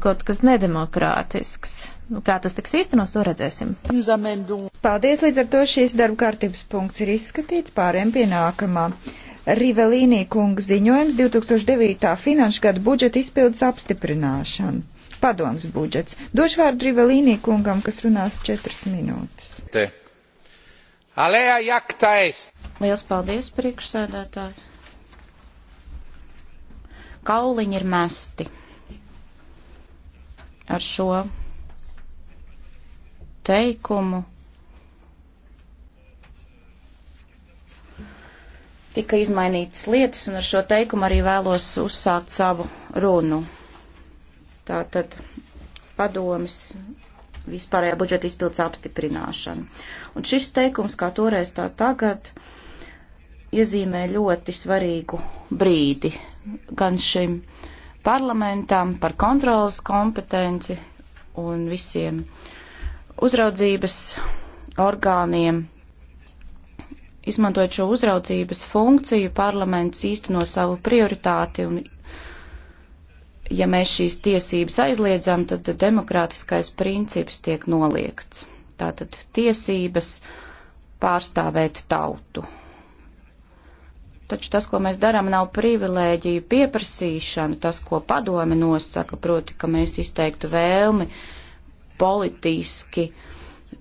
kaut kas nedemokrātisks. Nu, kā tas tiks īstenos, to redzēsim. Paldies, līdz ar to šīs darba kārtības punkts ir izskatīts pāriem pie nākamā. Rivelīnī kunga ziņojums 2009. finanšu gada budžeta izpildes apstiprināšana. Padoms budžets. Došu vārdu Rivelīnī kungam, kas runās 4 minūtes. Te. Alēja jakta est. Liels paldies, priekšsēdētāji. Kauliņi ir mesti ar šo teikumu tika izmainītas lietas, un ar šo teikumu arī vēlos uzsākt savu runu. Tātad padomis vispārējā budžeta izpildes apstiprināšana. Un šis teikums, kā toreiz tā tagad, iezīmē ļoti svarīgu brīdi gan šim uh, parlamentam par kontrolas kompetenci un visiem uzraudzības orgāniem. Izmantojot šo uzraudzības funkciju, parlaments īsteno savu prioritāti un ja mēs šīs tiesības aizliedzam, tad demokrātiskais princips tiek noliegts. Tātad tiesības pārstāvēt tautu taču tas, ko mēs darām, nav privilēģija pieprasīšana, tas, ko padome nosaka, proti, ka mēs izteiktu vēlmi politiski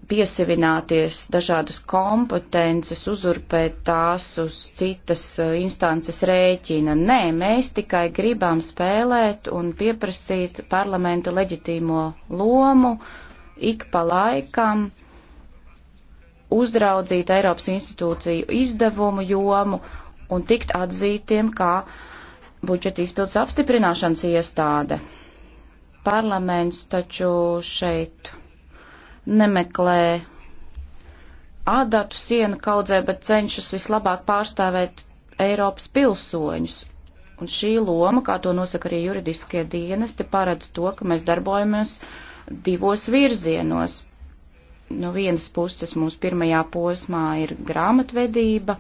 piesavināties dažādas kompetences, uzurpēt tās uz citas eh, instances rēķina. Nē, mēs tikai gribam spēlēt un pieprasīt parlamentu leģitīmo lomu ik pa laikam uzraudzīt Eiropas institūciju izdevumu jomu un tikt atzītiem kā budžeta izpildes apstiprināšanas iestāde. Parlaments taču šeit nemeklē ādātu sienu kaudzē, bet cenšas vislabāk pārstāvēt Eiropas pilsoņus. Un šī loma, kā to nosaka arī juridiskie dienesti, paredz to, ka mēs darbojamies divos virzienos. No vienas puses mūsu pirmajā posmā ir grāmatvedība,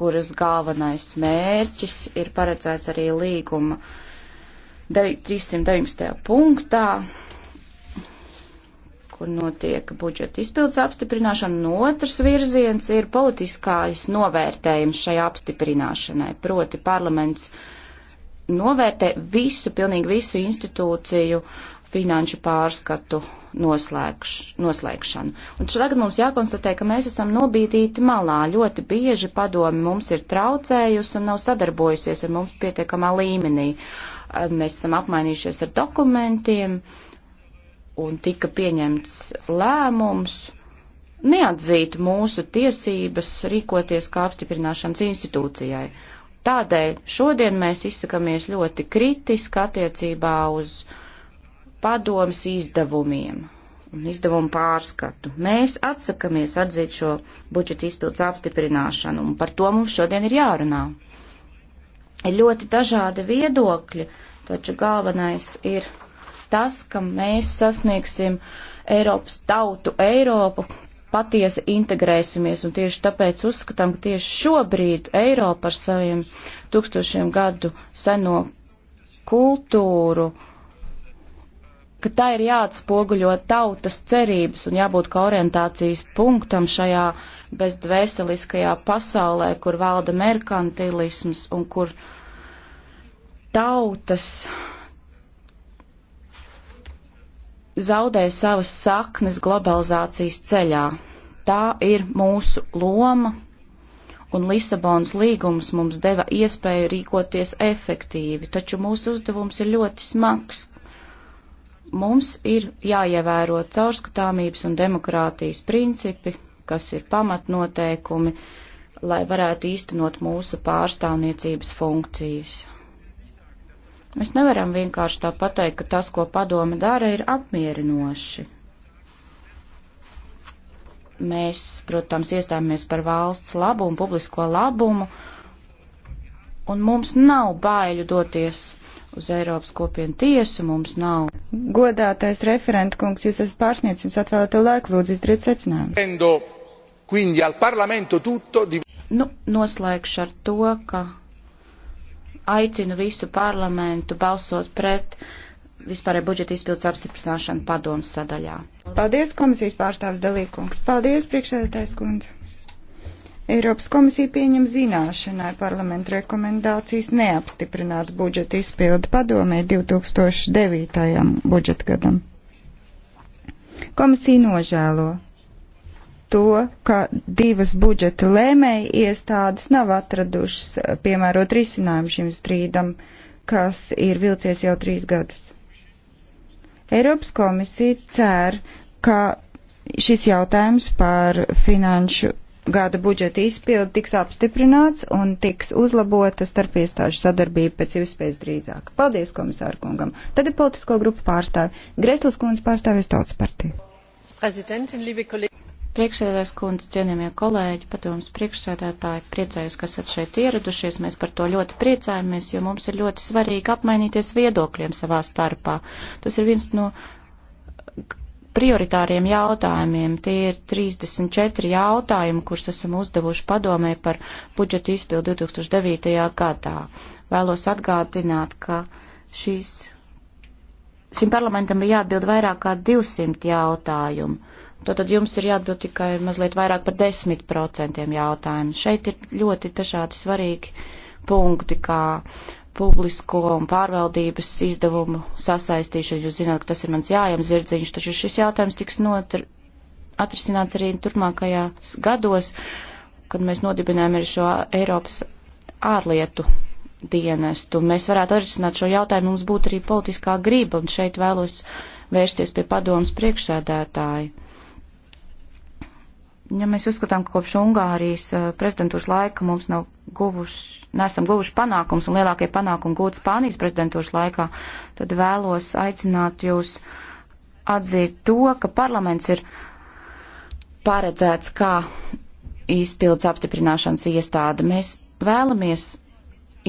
kuras galvenais mērķis ir paredzēts arī līguma 319. punktā, kur notiek budžeta izpildes apstiprināšana, un otrs virziens ir politiskais novērtējums šai apstiprināšanai, proti parlaments novērtē visu, pilnīgi visu institūciju finanšu pārskatu noslēgš, noslēgšanu. Un tagad mums jākonstatē, ka mēs esam nobīdīti malā. Ļoti bieži padomi mums ir traucējusi un nav sadarbojusies ar mums pietiekamā līmenī. Mēs esam apmainījušies ar dokumentiem un tika pieņemts lēmums neatzīt mūsu tiesības rīkoties kā apstiprināšanas institūcijai. Tādēļ šodien mēs izsakamies ļoti kritiski attiecībā uz uh, padomas izdevumiem un izdevumu pārskatu. Mēs atsakamies atzīt šo budžeta izpildes apstiprināšanu, un par to mums šodien ir jārunā. Ir ļoti dažādi viedokļi, taču galvenais ir tas, ka mēs sasniegsim Eiropas tautu Eiropu, patiesi integrēsimies, un tieši tāpēc uzskatām, ka tieši šobrīd Eiropa ar saviem tūkstošiem gadu seno kultūru, uh, ka tā ir jāatspoguļo tautas cerības un jābūt kā orientācijas punktam šajā bezdvēseliskajā pasaulē, kur valda merkantilisms un kur tautas zaudē savas saknes globalizācijas ceļā. Tā ir mūsu loma, un Lisabonas līgums mums deva iespēju rīkoties efektīvi, taču mūsu uzdevums ir ļoti smags mums ir jāievēro caurskatāmības un demokrātijas principi, kas ir pamatnoteikumi, lai varētu īstenot mūsu pārstāvniecības funkcijas. Mēs nevaram vienkārši tā pateikt, ka tas, ko padome dara, ir apmierinoši. Mēs, protams, iestājāmies par valsts labumu, publisko labumu, un mums nav baiļu doties uz Eiropas kopienu tiesu mums nav. Godātais referenta kungs, jūs esat pārsniedzis jums atvēlēto laiku, lūdzu, izdariet secinājumu. Nu, noslēgšu ar to, ka aicinu visu parlamentu balsot pret vispārēju budžeta izpildes apstiprināšanu padomas sadaļā. Paldies, komisijas pārstāvs Dalīkungs. Paldies, priekšsēdētājs kundze. Eiropas komisija pieņem zināšanai parlamentu rekomendācijas neapstiprināt budžeta izpildu padomē 2009. budžetgadam. Komisija nožēlo to, ka divas budžeta lēmēji iestādes nav atradušas eh, piemērot risinājumu šim strīdam, kas ir vilcies jau trīs gadus. Eiropas komisija cer, ka šis jautājums par finanšu gada budžeta izpildi tiks apstiprināts un tiks uzlabota starpiestāžu sadarbība pēc iespējas drīzāk. Paldies komisāru kungam. Tagad politisko grupu pārstāvi. Greslis kundze pārstāvies tautas partiju. Priekšsēdētājs kundze, cienījamie kolēģi, padomas priekšsēdētāji, priecājos, ka esat šeit ieradušies. Mēs par to ļoti priecājamies, jo mums ir ļoti svarīgi apmainīties viedokļiem savā starpā. Tas ir viens no prioritāriem jautājumiem. Tie ir 34 jautājumi, kurus esam uzdevuši padomē par budžetu izpildu 2009. gadā. Vēlos atgādināt, ka šīs, šim parlamentam bija jāatbild vairāk kā 200 jautājumu. Tātad jums ir jāatbild tikai mazliet vairāk par 10% jautājumu. Šeit ir ļoti dažādi svarīgi punkti, kā uh, publisko un pārvaldības izdevumu sasaistīšanu. Jūs zināt, ka tas ir mans jājams zirdziņš, taču šis jautājums tiks notr atrisināts arī turpmākajās gados, kad mēs nodibinājām arī šo Eiropas ārlietu dienestu. Mēs varētu atrisināt šo jautājumu, mums būtu arī politiskā griba, un šeit vēlos vērsties pie padomas priekšsēdētāju ja mēs uzskatām, ka kopš Ungārijas eh, prezidentūras laika mums nav guvuši, nesam guvuši panākums un lielākie panākumi gūt Spānijas prezidentūras laikā, tad vēlos aicināt jūs atzīt to, ka parlaments ir paredzēts kā izpildes apstiprināšanas iestāde. Mēs vēlamies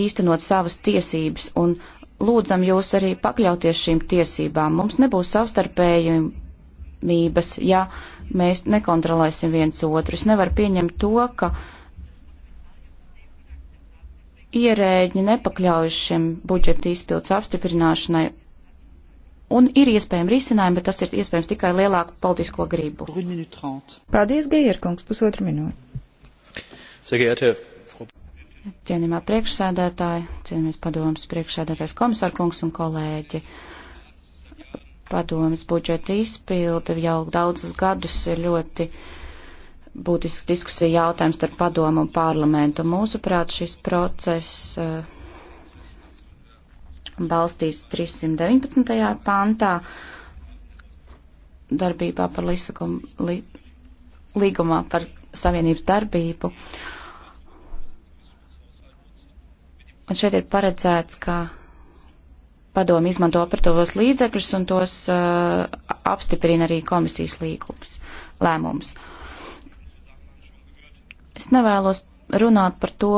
īstenot savas tiesības un lūdzam jūs arī pakļauties šīm tiesībām. Mums nebūs savstarpējumības, ja mēs nekontrolēsim viens otru. Es nevaru pieņemt to, ka ierēģi nepakļaujas šim budžeta izpildes apstiprināšanai. Un ir iespējami risinājumi, bet tas ir iespējams tikai lielāku politisko gribu. Paldies, Geierkungs, pusotru minūti. Cienījumā priekšsēdētāji, cienījamies padomas priekšsēdētājs komisārkungs un kolēģi. Uh, padomas budžeta izpilde jau daudzus gadus ir ļoti būtisks diskusija jautājums starp padomu un parlamentu. Mūsuprāt, šis process eh, balstīts 319. pantā darbībā par Lisakumu, li, līgumā par savienības darbību. Un šeit ir paredzēts, ka padomi izmanto operatīvos līdzekļus un tos uh, apstiprina arī komisijas līgums, lēmums. Es nevēlos runāt par to,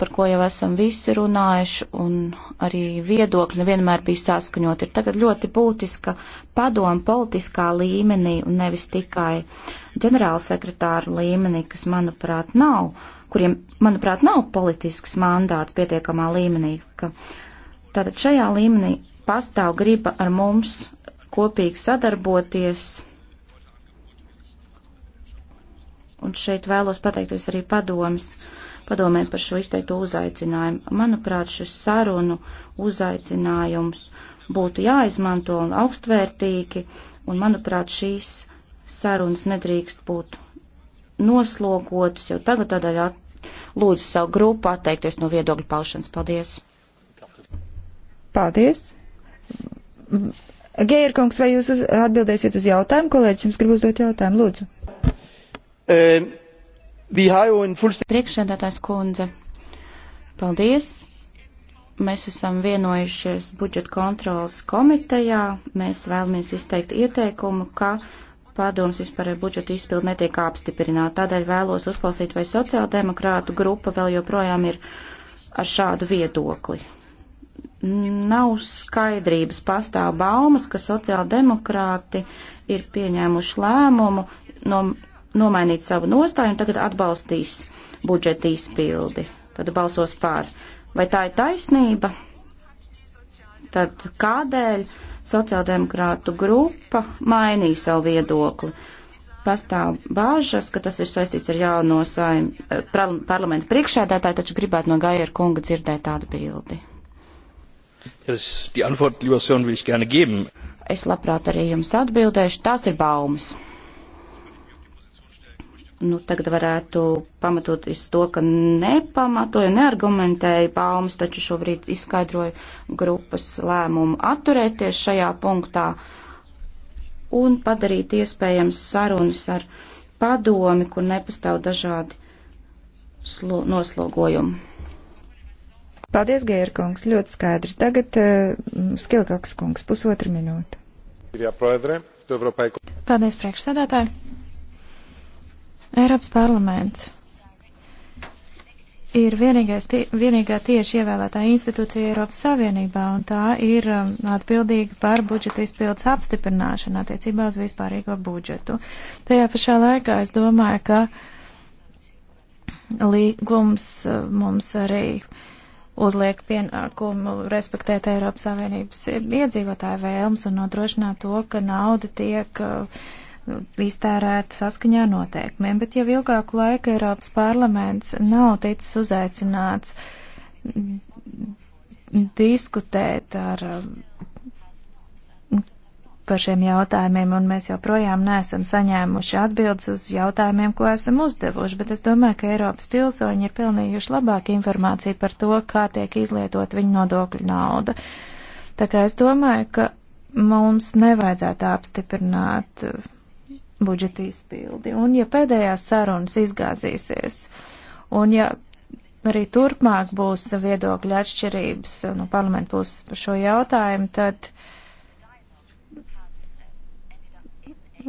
par ko jau esam visi runājuši, un arī viedokļi nevienmēr bija saskaņot. Ir tagad ļoti būtiska padoma politiskā līmenī un nevis tikai ģenerālsekretāra līmenī, kas, manuprāt, nav, kuriem, manuprāt, nav politisks mandāts pietiekamā līmenī, ka uh, Tātad šajā līmenī pastāv griba ar mums kopīgi sadarboties. Un šeit vēlos pateikties arī padomis, padomē par šo izteikto uzaicinājumu. Manuprāt, šis sarunu uzaicinājums būtu jāizmanto un augstvērtīgi, un manuprāt, šīs sarunas nedrīkst būt noslogotas jau tagad, tādēļ lūdzu savu grupu atteikties no viedokļu paušanas. Paldies! Paldies! Gērkungs, vai jūs uz, atbildēsiet uz jautājumu? Kolēģis jums grib uzdot jautājumu, lūdzu. Um, ehm, full... Priekšsēdētājs kundze, paldies! Mēs esam vienojušies budžeta kontrolas komitejā. Mēs vēlamies izteikt ieteikumu, ka pārdomas vispār budžeta izpildu netiek apstiprināta. Tādēļ vēlos uzklausīt, vai sociāldemokrātu grupa vēl joprojām ir ar šādu viedokli nav skaidrības. Pastāv baumas, ka sociāldemokrāti ir pieņēmuši lēmumu no, nomainīt savu nostāju un tagad atbalstīs budžeta izpildi. Tad balsos pār. Vai tā ir taisnība? Tad kādēļ sociāldemokrātu grupa mainīja savu viedokli? pastāv bāžas, ka tas ir saistīts ar jauno saim, eh, parlamentu priekšsēdētāju, taču gribētu no Gaira kunga dzirdēt tādu bildi. Die Antwort, lieber Sören, will ich gerne geben. Es labprāt arī jums atbildēšu. Tās ir baumas. Nu, tagad varētu pamatoties to, ka nepamatoju, neargumentēju baumas, taču šobrīd izskaidroju grupas lēmumu atturēties šajā punktā un padarīt iespējams sarunas ar padomi, kur nepastāv dažādi noslogojumi. Paldies, Gēra kungs, ļoti skaidri. Tagad uh, eh, Skilkaks kungs, pusotra minūte. Paldies, priekšsēdētāji. Eiropas parlaments ir tie, vienīgā tieši ievēlētā institūcija Eiropas Savienībā, un tā ir um, atbildīga par budžeta izpildes apstiprināšanu attiecībā uz vispārīgo budžetu. Tajā pašā laikā es domāju, ka līgums uh, mums arī uh, uzliek pienākumu respektēt Eiropas Savienības iedzīvotāju vēlmes un nodrošināt to, ka nauda tiek uh, iztērēta saskaņā noteikumiem, bet jau ilgāku laiku Eiropas parlaments nav ticis uzaicināts diskutēt ar par šiem jautājumiem, un mēs joprojām neesam saņēmuši atbildes uz jautājumiem, ko esam uzdevuši, bet es domāju, ka Eiropas pilsoņi ir pelnījuši labāku informāciju par to, kā tiek izlietot viņu nodokļu nauda. Tā kā es domāju, ka mums nevajadzētu apstiprināt uh, budžeta izpildi, un ja pēdējās sarunas izgāzīsies, un ja arī turpmāk būs viedokļu atšķirības uh, no nu, parlamentu puses par šo jautājumu, tad uh,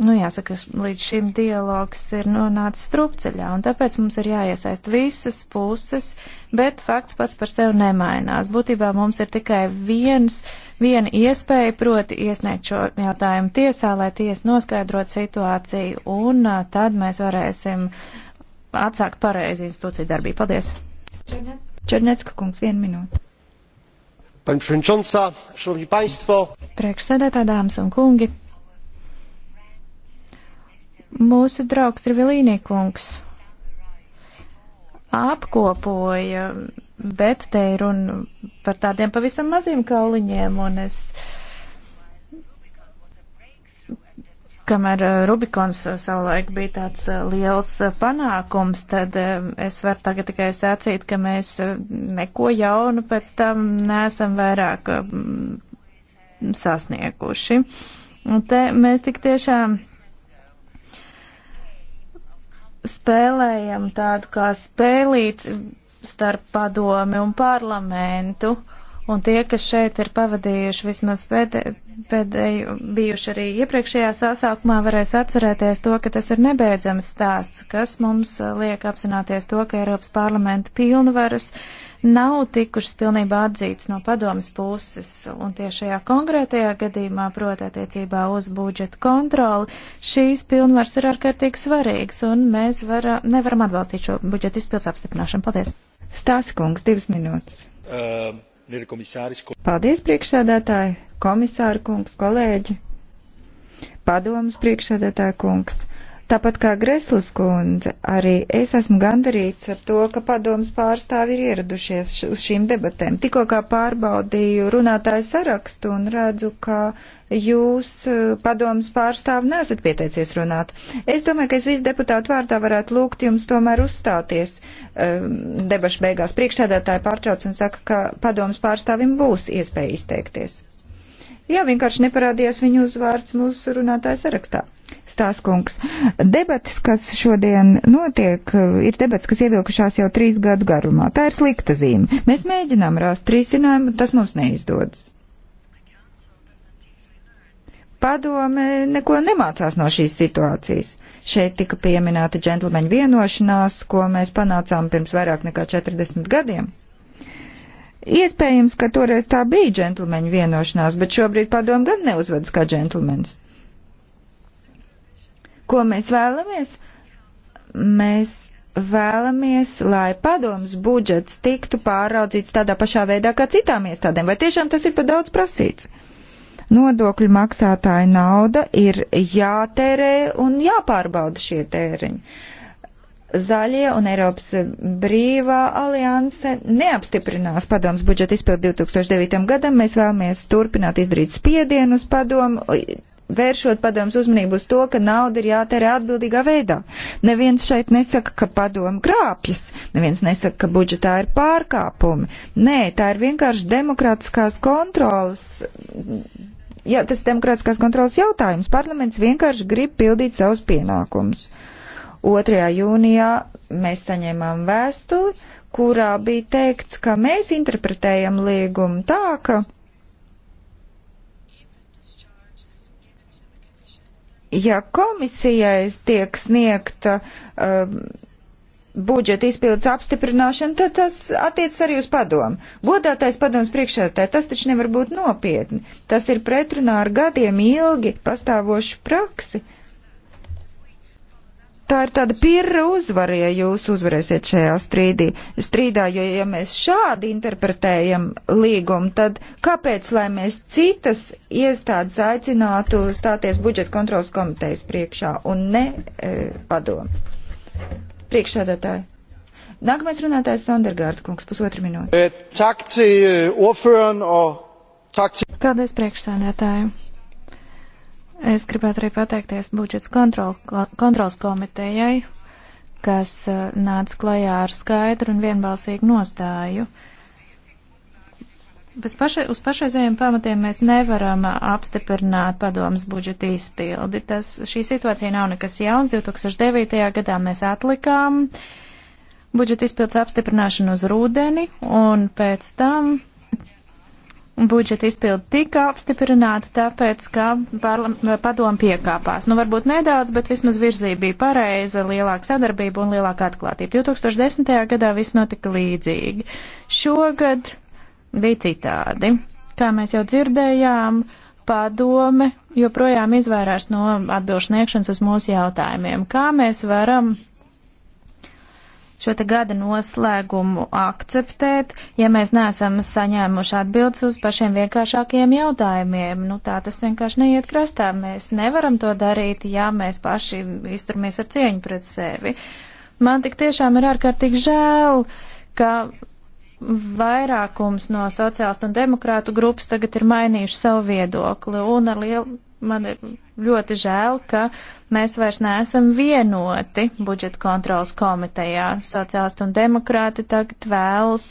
nu, jāsaka, līdz šim dialogs ir nonācis strupceļā, un tāpēc mums ir jāiesaist visas puses, bet fakts pats par sevi nemainās. Būtībā mums ir tikai viens, viena iespēja, proti iesniegt šo jautājumu tiesā, lai tiesa noskaidrot situāciju, un tad mēs varēsim atsākt pareizi institūciju darbību. Paldies! Černecka kungs, vienu minūti. Pani Przewodnicząca, Szanowni Państwo. Priekšsēdētāj, dāmas un kungi. Mūsu draugs Rivelīnī kungs apkopoja, bet te ir runa par tādiem pavisam maziem kauliņiem, un es, kamēr uh, Rubikons savulaik bija tāds uh, liels uh, panākums, tad um, es varu tagad tikai sacīt, ka mēs neko jaunu pēc tam nesam vairāk um, sasnieguši. Un te mēs tik tiešām spēlējam tādu kā spēlīti starp padomi un parlamentu, un tie, kas šeit ir pavadījuši vismaz pēdējo, pēdējo bijuši arī iepriekšējā sasaukumā, varēs atcerēties to, ka tas ir nebeidzams stāsts, kas mums eh, liek apzināties to, ka Eiropas parlamenta pilnvaras uh, nav tikušas pilnībā atzītas no padomas puses, un tieši šajā konkrētajā gadījumā, proti attiecībā uz budžeta kontroli, šīs pilnvars ir ārkārtīgi svarīgas, un mēs var, nevaram atbalstīt šo budžeta izpildes apstiprināšanu. Paldies! Stāsta kungs, divas minūtes. Um, Paldies, priekšsēdētāji, komisāra kungs, kolēģi, padomas priekšsēdētāja kungs. Tāpat kā Greslas kundze, arī es esmu gandarīts ar to, ka padomas pārstāvi ir ieradušies uz šīm debatēm. Tikko kā pārbaudīju runātāju sarakstu un redzu, ka jūs eh, padomas pārstāvi nesat pieteicies runāt. Es domāju, ka es visu deputātu vārdā varētu lūgt jums tomēr uzstāties ehm, debašu beigās. Priekšsēdētāji pārtrauc un saka, ka padomas pārstāvim būs iespēja izteikties. Jā, vienkārši neparādījās viņu uzvārds mūsu runātāja sarakstā. Stāskungs. Debates, kas šodien notiek, ir debates, kas ievilkušās jau trīs gadu garumā. Tā ir slikta zīme. Mēs mēģinām rast risinājumu, tas mums neizdodas. Padome neko nemācās no šīs situācijas. Šeit tika pieminēta džentlmeņa vienošanās, ko mēs panācām pirms vairāk nekā 40 gadiem. Iespējams, ka toreiz tā bija džentlmeņa vienošanās, bet šobrīd padomu gan neuzvedas kā džentlmenis. Ko mēs vēlamies? Mēs vēlamies, lai padomus budžets tiktu pāraudzīts tādā pašā veidā kā citām iestādēm. Vai tiešām tas ir pa daudz prasīts? Nodokļu maksātāja nauda ir jātērē un jāpārbauda šie tēriņi zaļie un Eiropas brīvā alianse neapstiprinās padomus budžetu izpildu 2009. gadam. Mēs vēlamies turpināt izdarīt spiedienu uz padomu, vēršot padomus uzmanību uz to, ka nauda ir jātērē atbildīgā veidā. Neviens šeit nesaka, ka padomu krāpjas, neviens nesaka, ka budžetā ir pārkāpumi. Nē, tā ir vienkārši demokrātiskās kontrolas. Jā, tas ir demokrātiskās kontrolas jautājums. Parlaments vienkārši grib pildīt savus pienākumus. 2. jūnijā mēs saņēmām vēstuli, kurā bija teikts, ka mēs interpretējam līgumu tā, ka Ja komisijai tiek sniegta uh, budžeta izpildes apstiprināšana, tad tas attiec arī uz padomu. Godātais padoms priekšsēdētāji, tas taču nevar būt nopietni. Tas ir pretrunā ar gadiem ilgi pastāvošu praksi. Uh, tā ir tāda pirra uzvara, ja jūs uzvarēsiet šajā strīdī, strīdā, jo ja mēs šādi interpretējam līgumu, tad kāpēc, lai mēs citas iestādes aicinātu stāties budžeta kontrolas komitejas priekšā un ne e, padomu? Priekšsēdētāji. Nākamais runātājs Sondergārda kungs, pusotru minūti. E, e, Paldies priekšsēdētāju. Es gribētu arī pateikties budžets kontrol, kontrols komitejai, kas eh, nāca klajā ar skaidru un vienbalsīgu nostāju. Bet pašai, uz pašreizējiem pamatiem mēs nevaram eh, apstiprināt padomas budžeta izpildi. Tas, šī situācija nav nekas jauns. 2009. gadā mēs atlikām budžeta izpildes apstiprināšanu uz rudeni, un pēc tam budžeta izpildi tika apstiprināta, tāpēc, ka padomu piekāpās. Nu, varbūt nedaudz, bet vismaz virzība bija pareiza, lielāka sadarbība un lielāka atklātība. 2010. gadā viss notika līdzīgi. Šogad bija citādi. Kā mēs jau dzirdējām, padome joprojām izvairās no atbilžu sniegšanas uz mūsu jautājumiem. Kā mēs varam šo te gada noslēgumu akceptēt, ja mēs neesam saņēmuši atbildes uz pašiem vienkāršākajiem jautājumiem. Nu, tā tas vienkārši neiet krastā. Mēs nevaram to darīt, ja mēs paši izturmies ar cieņu pret sevi. Man tik tiešām ir ārkārtīgi žēl, ka vairākums no sociālistu un demokrātu grupas tagad ir mainījuši savu viedokli un ar lielu man ir ļoti žēl, ka mēs vairs neesam vienoti budžeta kontrolas komitejā. Sociālisti un demokrāti tagad vēlas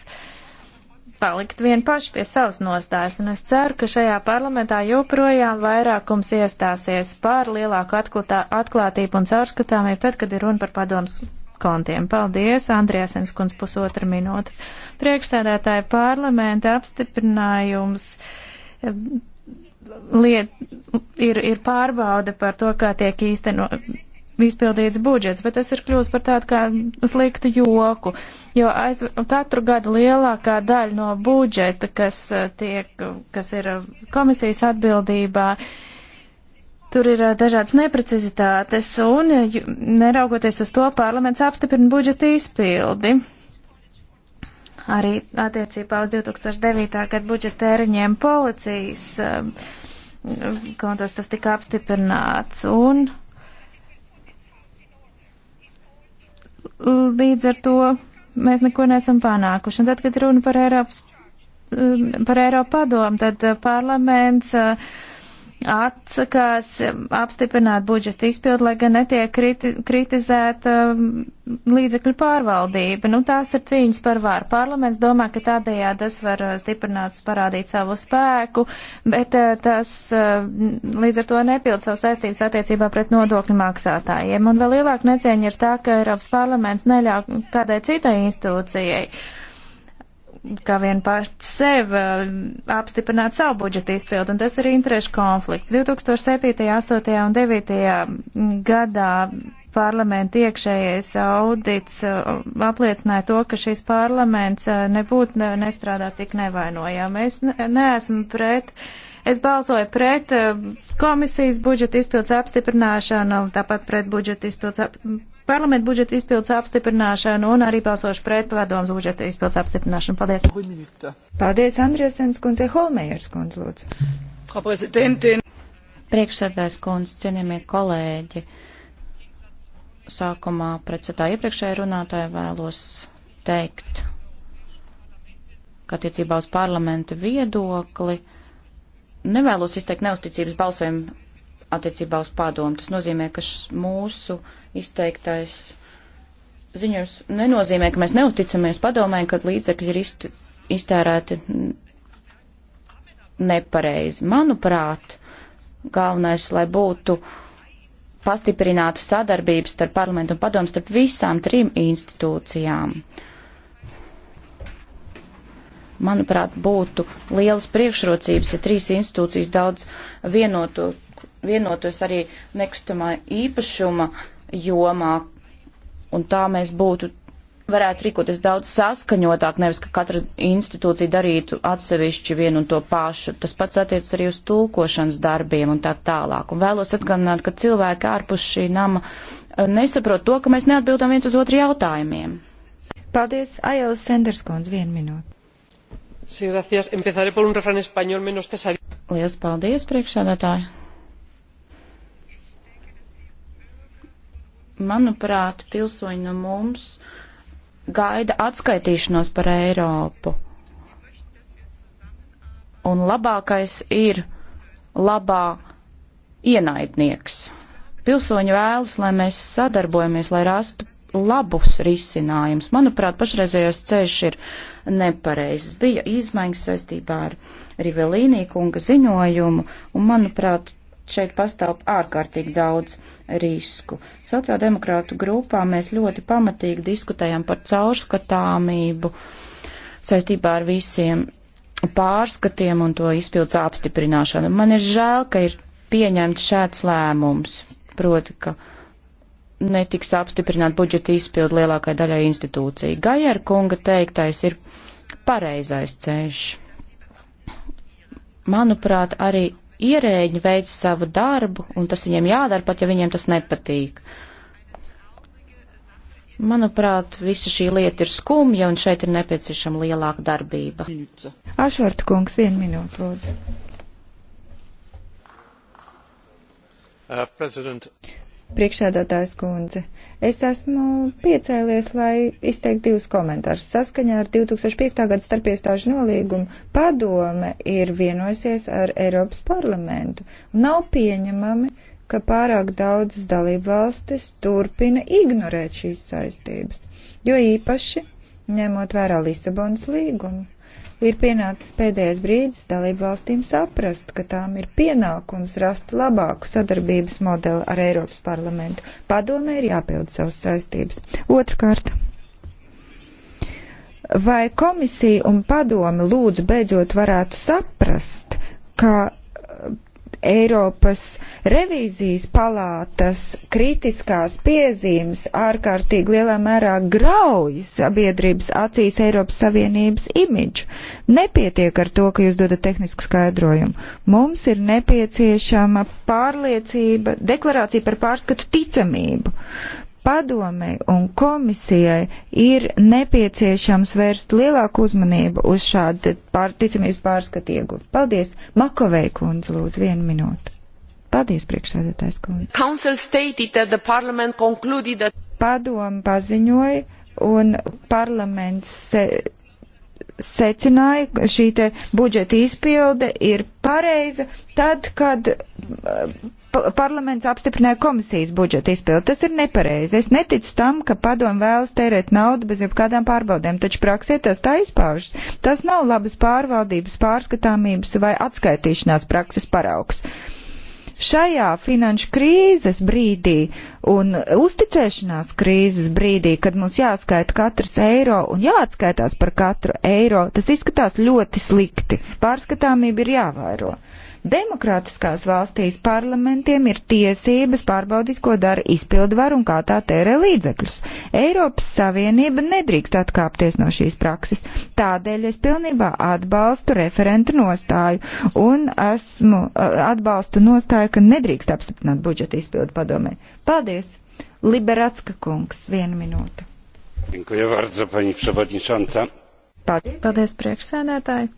palikt vien paši pie savas nostājas, un es ceru, ka šajā parlamentā joprojām vairākums iestāsies par lielāku atklātā, atklātību un caurskatāmību tad, kad ir runa par padomus kontiem. Paldies, Andriesens kungs, pusotra minūte. Priekšsēdētāja parlamenta apstiprinājums liet, ir, ir pārbauda par to, kā tiek īsteno, izpildīts budžets, bet tas ir kļūst par tādu kā sliktu joku, jo aiz katru gadu lielākā daļa no budžeta, kas, eh, tiek, kas ir komisijas atbildībā, tur ir eh, dažādas neprecizitātes, un eh, neraugoties uz to, parlaments apstiprina budžeta izpildi. Arī attiecībā uz 2009. gadu budžeta tēriņiem policijas uh, kontos tas tika apstiprināts. Un līdz ar to mēs neko nesam panākuši. Un tad, kad runa par Eiropas, um, par Eiropa padomu, tad uh, parlaments. Uh, atsakās apstiprināt budžeta izpildu, lai gan netiek kriti kritizēta um, līdzekļu pārvaldība. Nu, tās ir cīņas par varu. Parlaments domā, ka tādējā tas var uh, stiprināt, parādīt savu spēku, bet uh, tas uh, līdz ar to nepild savu saistības attiecībā pret nodokļu maksātājiem. Un vēl lielāka necieņa ir tā, ka Eiropas parlaments neļauj kādai citai institūcijai. Uh, kā vien paši sev apstiprināt savu budžetu izpildu, un tas ir interešu konflikts. 2007., 8. un 9. gadā parlamenta iekšējais audits apliecināja to, ka šīs parlaments nebūtu ne, nestrādā tik nevainojām. Es neesmu pret. Es balsoju pret komisijas budžeta izpildes apstiprināšanu, tāpat pret budžeta izpildes apstiprināšanu parlamentu budžeta izpildes apstiprināšanu un arī balsošu pret padomus budžeta izpildes apstiprināšanu. Paldies. Paldies, Andriesens kundze, Holmejers kundze, lūdzu. Frau Präsidentin. Priekšsēdājs kundze, cienījamie kolēģi. Sākumā pretstatā iepriekšējai runātāji vēlos teikt, ka attiecībā uz parlamentu viedokli nevēlos izteikt neusticības balsojumu attiecībā uz padomu. Tas nozīmē, ka š, mūsu uh, izteiktais ziņojums nenozīmē, ka mēs neusticamies padomē, kad līdzekļi ir iztērēti nepareizi. Manuprāt, galvenais, lai būtu pastiprināta sadarbības starp parlamentu un padomu starp visām trim institūcijām. Manuprāt, būtu lielas priekšrocības, ja trīs institūcijas daudz vienoto, vienotos arī nekustamā īpašuma uh, jomā, un tā mēs būtu, varētu rīkoties daudz saskaņotāk, nevis ka katra institūcija darītu atsevišķi vienu un to pašu. Tas pats attiecas arī uz tulkošanas darbiem un tā tālāk. Un vēlos atgādināt, ka cilvēki ārpus šī nama eh, nesaprot to, ka mēs neatbildam viens uz otru jautājumiem. Paldies, Ailes Sanders kundze, vienu minūti. Sí, gracias. Empezaré por un refrán español menos tesario. Lielas paldies, priekšsēdētāji. Manuprāt, pilsoņi no mums gaida atskaitīšanos par Eiropu. Un labākais ir labā ienaidnieks. Pilsoņi vēlas, lai mēs sadarbojamies, lai rastu labus risinājumus. Manuprāt, pašreizējos ceļš ir nepareizs. Bija izmaiņas saistībā ar Rivelīnī kunga ziņojumu, un, manuprāt, šeit pastāv ārkārtīgi daudz risku. Sociāldemokrātu grupā mēs ļoti pamatīgi diskutējam par caurskatāmību saistībā ar visiem pārskatiem un to izpildus apstiprināšanu. Man ir žēl, ka ir pieņemts šāds lēmums, proti, ka netiks apstiprināt budžeta izpildu lielākai daļai institūciju. Gajer kunga teiktais ir pareizais ceļš. Manuprāt, arī ierēģi veic savu darbu, un tas viņiem jādara, pat ja viņiem tas nepatīk. Manuprāt, visa šī lieta ir skumja, un šeit ir nepieciešama lielāka darbība. Ašvarta kungs, vienu minūtu, lūdzu. Uh, Priekšsēdētājs kundze, es esmu piecēlies, lai izteiktu divus komentārus. Saskaņā ar 2005. gada starpiestāžu nolīgumu padome ir vienojusies ar Eiropas parlamentu. Nav pieņemami, ka pārāk daudzas dalību valstis turpina ignorēt šīs saistības, jo īpaši ņemot vērā Lisabonas līgumu. Ir pienācis pēdējais brīdis dalību valstīm saprast, ka tām ir pienākums rast labāku sadarbības modeli ar Eiropas parlamentu. Padomē ir jāpild savas saistības. Otrkārt. Vai komisija un padome lūdzu beidzot varētu saprast, ka Eiropas revīzijas palātas kritiskās piezīmes ārkārtīgi lielā mērā grauj sabiedrības acīs Eiropas Savienības imidžu. Nepietiek ar to, ka jūs dodat tehnisku skaidrojumu. Mums ir nepieciešama pārliecība, deklarācija par pārskatu ticamību. Padomei un komisijai ir nepieciešams vērst lielāku uzmanību uz šādu pārticamības pārskatīgu. Paldies! Makovei kundze, lūdzu, vienu minūti. Paldies, priekšsēdētājs kundze. That... Padoma paziņoja un parlaments se secināja, ka šī budžeta izpilde ir pareiza tad, kad parlaments apstiprināja komisijas budžeta izpildu. Tas ir nepareizi. Es neticu tam, ka padomu vēlas tērēt naudu bez jebkādām pārbaudēm, taču praksē tas tā izpaužas. Tas nav labas pārvaldības, pārskatāmības vai atskaitīšanās prakses paraugs. Šajā finanšu krīzes brīdī un uzticēšanās krīzes brīdī, kad mums jāskaita katrs eiro un jāatskaitās par katru eiro, tas izskatās ļoti slikti. Pārskatāmība ir jāvairo. Demokrātiskās valstīs parlamentiem ir tiesības pārbaudīt, ko dara izpildvar un kā tā tērē līdzekļus. Eiropas Savienība nedrīkst atkāpties no šīs prakses. Tādēļ es pilnībā atbalstu referentu nostāju un esmu eh, atbalstu nostāju, ka nedrīkst apstiprināt budžeta izpildu padomē. Paldies! Liberacka kungs, viena minūte. Paldies, priekšsēdētāji!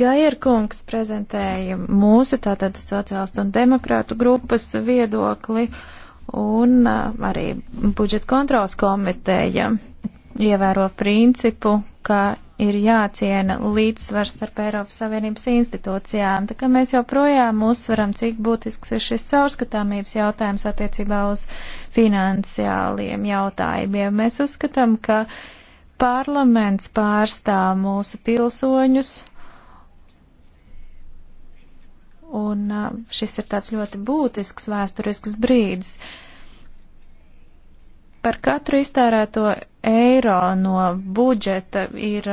Gairkungs prezentēja mūsu tātad sociālistu un demokrātu grupas viedokli un arī budžeta kontrols komiteja ievēro principu, ka ir jāciena līdzsvars starp Eiropas Savienības institūcijām. Tā kā mēs joprojām uzsveram, cik būtisks ir šis caurskatāmības jautājums attiecībā uz finansiāliem jautājumiem. Mēs uzskatām, ka parlaments pārstāv mūsu pilsoņus un šis ir tāds ļoti būtisks vēsturisks brīdis. Par katru iztērēto eiro no budžeta ir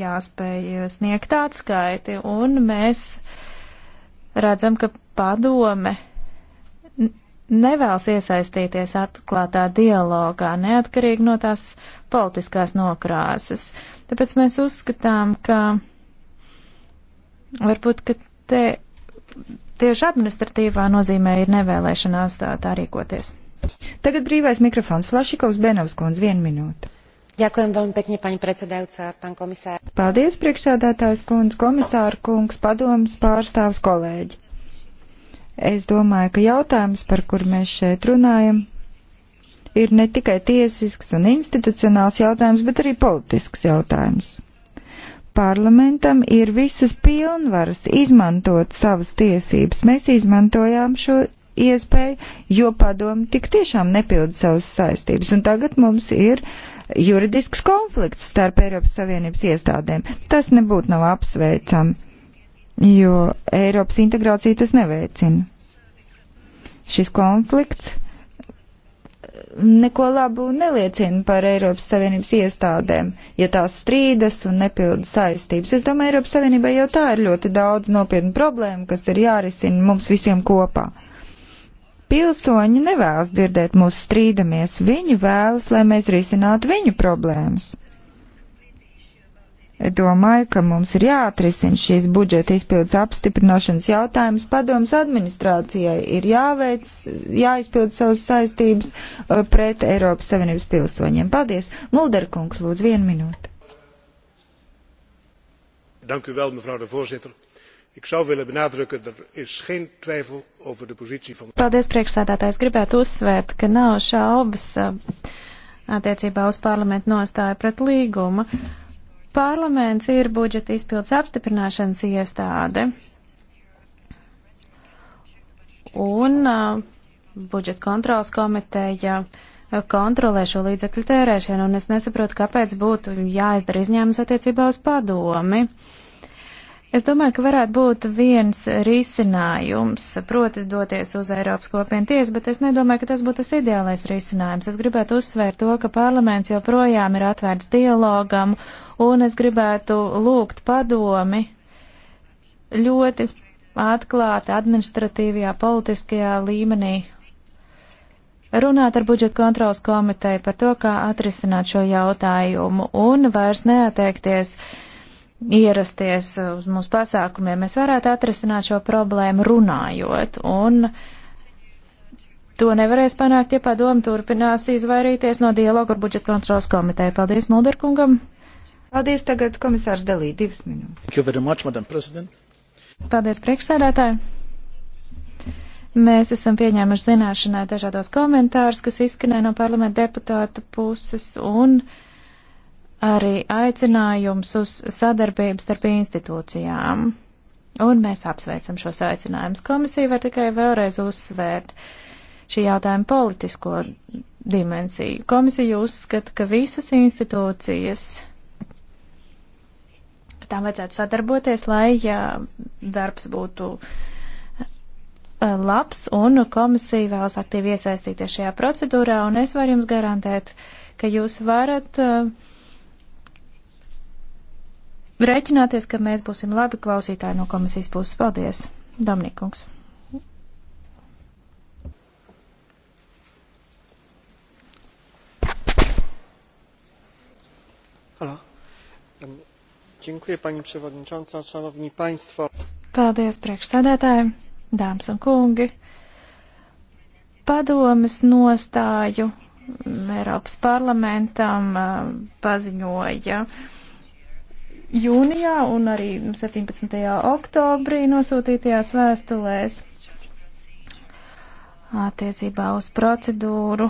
jāspēj sniegt atskaiti, un mēs redzam, ka padome nevēlas iesaistīties atklātā dialogā, neatkarīgi no tās politiskās nokrāsas. Tāpēc mēs uzskatām, ka varbūt, ka te tieši administratīvā nozīmē ir nevēlēšanās tā, tā rīkoties. Tagad brīvais mikrofons Flašikovs Benovs kundz, vienu minūtu. Ďakujem veľmi pekne, pani predsedajúca, pán komisār. Paldies, priekšsādātājs kundz, komisāra kungs, padomas pārstāvs kolēģi. Es domāju, ka jautājums, par kur mēs šeit runājam, ir ne tikai tiesisks un institucionāls jautājums, bet arī politisks jautājums. Parlamentam ir visas pilnvaras izmantot savas tiesības. Mēs izmantojām šo iespēju, jo padomu tik tiešām nepilda savas saistības. Un tagad mums ir juridisks konflikts starp Eiropas Savienības iestādēm. Tas nebūtu nav apsveicami, jo Eiropas integrācija tas neveicina. Šis konflikts neko labu neliecina par Eiropas Savienības iestādēm, ja tās strīdas un nepilda saistības. Es domāju, Eiropas Savienībai jau tā ir ļoti daudz nopietnu problēmu, kas ir jārisina mums visiem kopā. Pilsoņi nevēlas dzirdēt mūsu strīdamies, viņi vēlas, lai mēs risinātu viņu problēmas domāju, ka mums ir jāatrisina šīs budžeta izpildes apstiprināšanas jautājums. Padoms administrācijai ir jāveic, jāizpild savas saistības uh, pret Eiropas Savienības pilsoņiem. Paldies! Mulderkungs, lūdzu, vienu minūti. Dank u wel, mevrouw de voorzitter. Ik zou willen benadrukken, er is geen twijfel over de positie van. Paldies, priekšsēdētājs. Gribētu uzsvērt, ka nav šaubas uh, attiecībā uz parlamentu nostāju pret līgumu. Uh, Parlaments ir budžeta izpildes apstiprināšanas iestāde. Un uh, budžeta kontrolas komiteja kontrolē šo līdzekļu tērēšanu, un es nesaprotu, kāpēc būtu jāizdara izņēmums attiecībā uz padomi. Uh, Es domāju, ka varētu būt viens risinājums, proti doties uz Eiropas kopienu tiesu, bet es nedomāju, ka tas būtu tas ideālais risinājums. Es gribētu uzsvērt to, ka parlaments joprojām ir atvērts dialogam, un es gribētu lūgt padomi ļoti atklāti administratīvajā, politiskajā līmenī runāt ar budžeta kontrolas komiteju par to, kā atrisināt šo jautājumu un vairs neatteikties ierasties uz mūsu pasākumiem, mēs varētu atrisināt šo problēmu runājot. Un to nevarēs panākt, ja padomu turpinās izvairīties no dialogu ar budžeta kontrolas komiteju. Paldies Mulderkungam! Paldies tagad komisārs Delī, divas minūtes. Much, Paldies priekšsēdētāji! Mēs esam pieņēmuši zināšanai dažādos komentārus, kas izskanēja no parlamenta deputāta puses, un uh, arī aicinājums uz sadarbību starp institūcijām. Un mēs apsveicam šos aicinājumus. Komisija var tikai vēlreiz uzsvērt šī jautājuma politisko dimensiju. Komisija uzskata, ka visas institūcijas tām vajadzētu sadarboties, lai jā, darbs būtu e, labs, un komisija vēlas aktīvi iesaistīties šajā procedūrā, un es varu jums garantēt, ka jūs varat uh, rēķināties, ka mēs būsim labi klausītāji no komisijas puses. Paldies, Domnikungs. Halo. Dziękuję pani przewodnicząca, szanowni państwo. Paldies priekšsēdētājiem, dāmas un kungi. Padomas nostāju Eiropas parlamentam eh, paziņoja. Uh, jūnijā un arī 17. oktobrī nosūtītajās vēstulēs attiecībā uz procedūru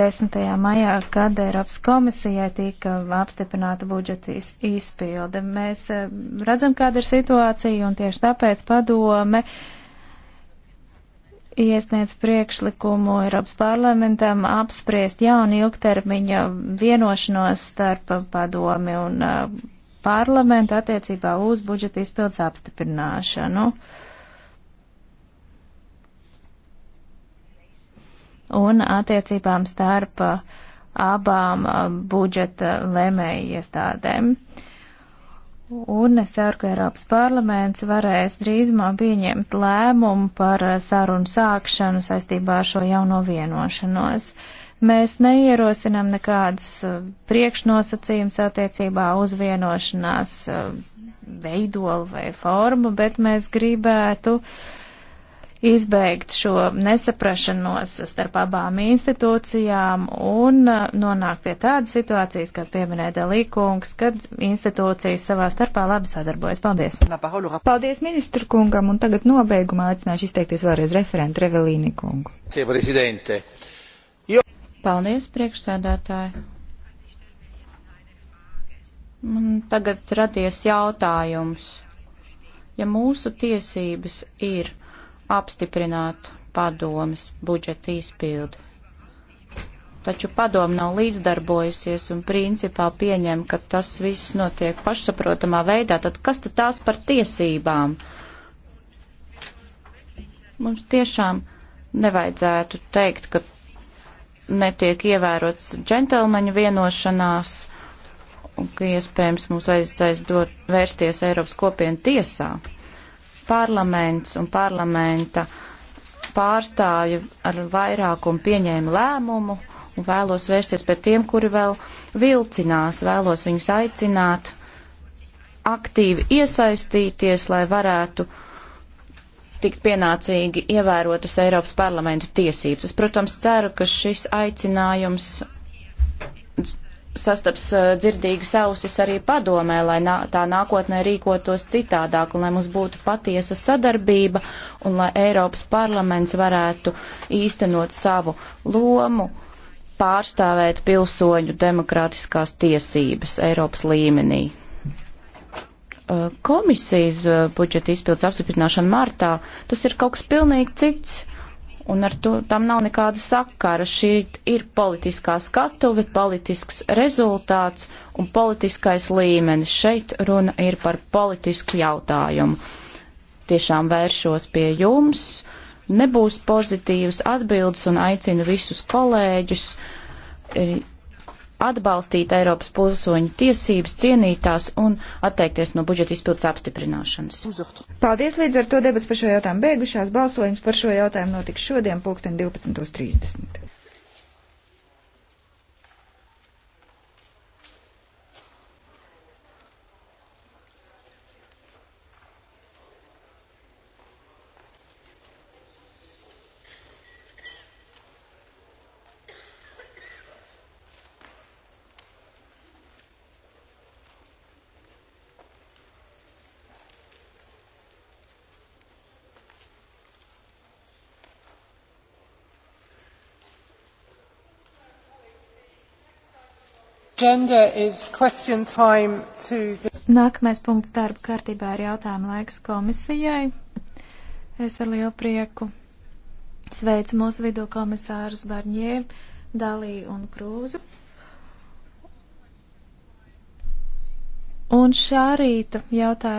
10. maijā, kad Eiropas komisijai tika apstiprināta budžeta izpilde. Mēs eh, redzam, kāda ir situācija, un tieši tāpēc padome uh, iesniedz priekšlikumu Eiropas parlamentam apspriest jaunu ilgtermiņa vienošanos starp padomi un uh, parlamentu attiecībā uz budžeta izpildes apstiprināšanu. Un attiecībām starp uh, abām uh, budžeta lēmēju iestādēm. Uh, Un es ceru, ka Eiropas parlaments varēs drīzumā pieņemt lēmumu par eh, sarunu sākšanu saistībā ar šo jauno vienošanos. Mēs neierosinām nekādus eh, priekšnosacījumus attiecībā uz vienošanās eh, veidolu vai formu, bet mēs gribētu uh, izbeigt šo nesaprašanos starp abām institūcijām un uh, nonākt pie tādas situācijas, kad pieminēja Dalīkungs, kad institūcijas savā starpā labi sadarbojas. Paldies! Paldies ministru kungam un tagad nobeigumā aicināšu izteikties vēlreiz referentu Revelīni kungu. Paldies, priekšsēdētāji! Man tagad radies jautājums, ja mūsu tiesības ir apstiprināt padomas budžeta izpildi. Taču padoma nav līdzdarbojusies un principā pieņem, ka tas viss notiek pašsaprotamā veidā. Tad kas tad tās par tiesībām? Mums tiešām nevajadzētu teikt, ka netiek ievērots džentelmeņu vienošanās un ka iespējams mums vajadzēs dot, vērsties Eiropas kopienu tiesā parlaments un parlamenta pārstāju ar vairākumu pieņēma lēmumu un vēlos vērsties pie tiem, kuri vēl vilcinās, vēlos viņus aicināt aktīvi iesaistīties, lai varētu tikt pienācīgi ievērotas Eiropas parlamentu tiesības. Es, protams, ceru, ka šis aicinājums sastaps eh, dzirdīgas ausis arī padomē, lai nā, tā nākotnē rīkotos citādāk un lai mums būtu patiesa sadarbība un lai Eiropas parlaments varētu īstenot savu lomu, pārstāvēt pilsoņu demokrātiskās tiesības Eiropas līmenī. Eh, komisijas eh, budžeta izpildes apstiprināšana martā, tas ir kaut kas pilnīgi cits un ar to tam nav nekāda sakara. Šī ir politiskā skatuve, politisks rezultāts un politiskais līmenis. Šeit runa ir par politisku jautājumu. Tiešām vēršos pie jums. Nebūs pozitīvas atbildes un aicinu visus kolēģus eh, atbalstīt Eiropas pilsoņu tiesības, cienītās un atteikties no budžeta izpildes apstiprināšanas. Paldies, līdz ar to debats par šo jautājumu beigušās. Balsojums par šo jautājumu notiks šodien pulksten 12.30. The... Nākamais punkts darba kārtībā ir jautājuma laiks komisijai. Es ar lielu prieku sveicu mūsu vidū komisārus Barņē, Dalī un Krūzu. Un šā rīta jautājums.